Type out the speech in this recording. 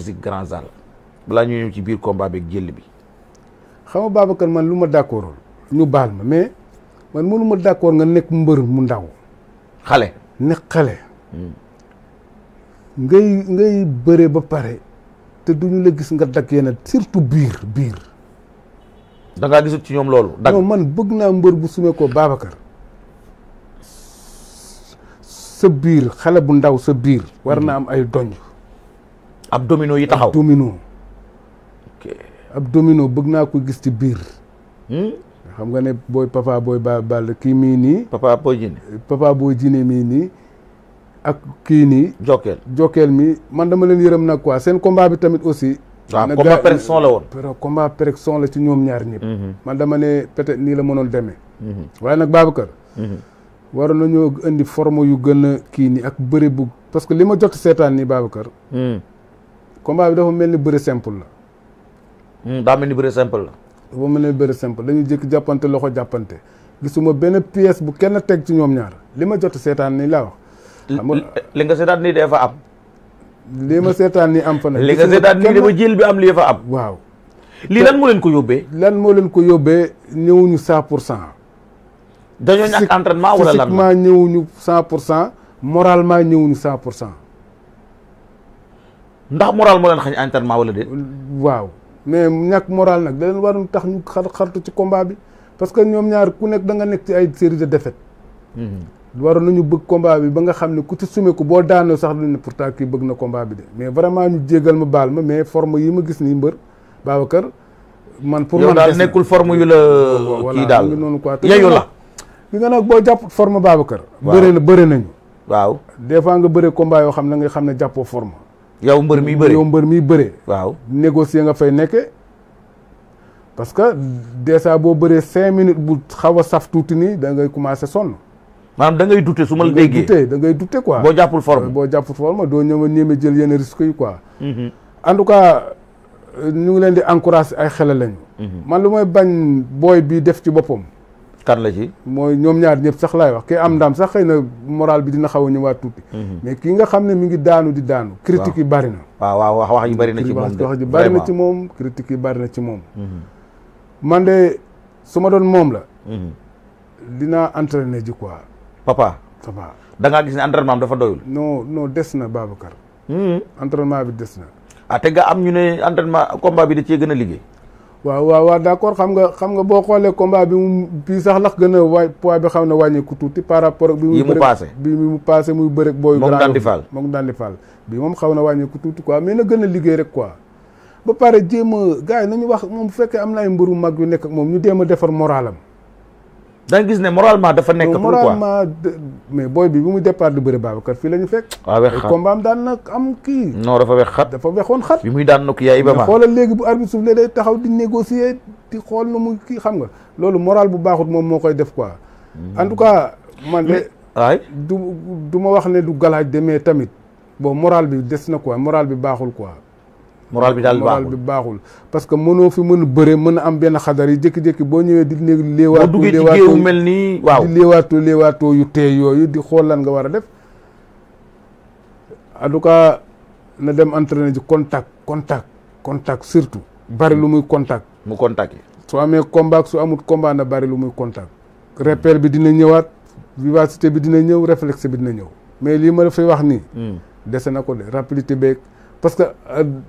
physique grand zal balaa ñuy ñëw ci biir combat beeg bi. xam nga Babacar man lu ma d'accord ñu baal ma mais man mënu ma d'accord nga nekk mbër mu ndaw. xale nekk xale. Hmm. ngay ngay ba pare te duñu la gis nga dagg yenn surtout biir biir. da ngaa gisut ci ñoom loolu. dagg man bëgg naa mbër bu sumee ko Babacar. sa biir xale bu ndaw sa biir. war na hmm. am ay doñ. ab domino yi taxaw domino bëgg naa ko gis ci biir hmm? xam nga ne booy papa booy ba ball kii mii nii papa booy jine papa booy jine mii nii ak kii nii jokkeel jokkeel mi man dama leen yërëm nag quoi seen combat bi tamit aussi waaw combat perfection la woon combat perfection la ci ñoom ñaar ñëpp hmm, hmm. man dama ne peut-être nii la mënoon demee waaye nag Babacar waroon nañoo indi forme yu gën a kii nii ak bëri bu parce que li ma jot seetaan nii Babacar combat bi dafa mel ni bëre simple la. Hmm, daa mel ni bëre simple la. dafa mel ni bëre simple dañuy jékki jàppante loxo jàppante gisuma benn pièce bu kenn teg ci ñoom ñaar li ma jot seetaan nii laa wax. li nga seetaan nii dee fa am. lii ma seetaan nii am fa nag. li ma seetaan jël bi am lii fa am. waaw. lii lan moo leen ko yóbbee. lan moo leen ko yóbbee ñëwuñu cent pour cent. dañoo ñàkk entraînement wala lan physiquement ñëwuñu cent pour cent moralement ñëwuñu cent pour cent. ndax moral moo leen xañ entraînement wala de waaw mais ñàkk moral nag da leen waroon tax ñu xar xartu ci combat bi parce que ñoom ñaar ku nekk da nga nekk ci ay série defet défaites. Mhm. waroon nañu bëgg combat bi ba nga xam ne ku ci sumé ko boo daanoo sax duñ ne pourtant kii bëgg na combat bi mais vraiment jégal ma baal ma mais forme yi ma gis nii mbër Babacar. man pour man nekkul forme yu la. Euh, kii daal voilà noonu quoi. yeyu la li nga nag boo jàpp forme Babacar. waaw bëre la bëre nañu. waaw des fois nga bëre combat yoo xam ne nga xam ne jàppoo forme. yow mbër mi bëre yow mbër mi bëre. waaw nga fay nekke parce que dèjà boo bëree cinq minutes bu xaw a saf tuuti nii da ngay commencé sonn. maanaam da ngay dute su ma la da ngay dute da boo jàppul forme boo jàppul forme doo ñëw a ñeme jël yenn risques yi quoi. Mm-hmm. en tout cas ñu ngi leen di encouragé ay xelal lañu. Mm-hmm. man lu may bañ booy bii def ci boppam. kan la ci. mooy ñoom ñaar ñëpp sax laay wax kii am ndam sax xëy na moral bi dina xaw a ñëwaat tuuti. Mhm. mais ki nga xam ne mi ngi daanu di daanu. critique yi bari na. waaw waaw wax wax yu bari na ci moom de wax yu bari na ci moom critique yi bari na ci moom. Mhm. man de su ma doon moom la. Mhm. dinaa entraîner ji quoi. papa papa. da gis ne entraînement am dafa doyul. non non des na Babacar. entraînement bi des na. ah te am ñu ne entraînement combat bi da cee gën a liggéey. waaw waaw waaw d'accord xam nga xam nga boo xoolee combat bi mu bii sax lax gën a waay poids bi xam ne wàññeeku tuuti par rapport bi mu passé bi mu passé muy bëre booy moom daan di faal moom daan di faal bi moom xaw na wàññeeku tuuti quoi mais na gën a liggéey rek ko ba pare jéem a gars yi nañu wax moom bu fekkee am na ay mbëru mag yu nekk moom ñu jéem a defar moralam da nga moral ne moralement dafa nekk. pour quoi moralement mais booy bi bu mu départ du bëri Babacar fii la ñu fekk. waaw wex xat combat am daan na am kii. non dafa wex xat dafa wexoon xat. bi muy daan nag yaay Ibama. xoolal léegi bu arbitre suuf day taxaw di négocier di xool nu mu kii xam nga loolu moral bu baaxut moom moo koy def quoi. en tout cas man de. waay du du ma wax ne du galaaj de mais tamit bon moral bi des na quoi moral bi baaxul quoi. moral bi daal moral bi baaxul parce que mënoo fi mën a bëre mën a am benn xadar yi jékki-jékki boo ñëwee di néeg léewaatu léewaatu mel ni waaw di léewaatu léewaatoo yu tee yooyu di xool lan nga war a def en tout cas na dem entraîné ji contact contact contact surtout bari lu muy contact mu contact yi su amee combat su amut combat na bari lu muy contact repère bi dina ñëwaat vivacité bi dina ñëw réflexe bi dina ñëw mais lii ma fi wax nii hmm. dese na ko de rapidité beeg parce que euh,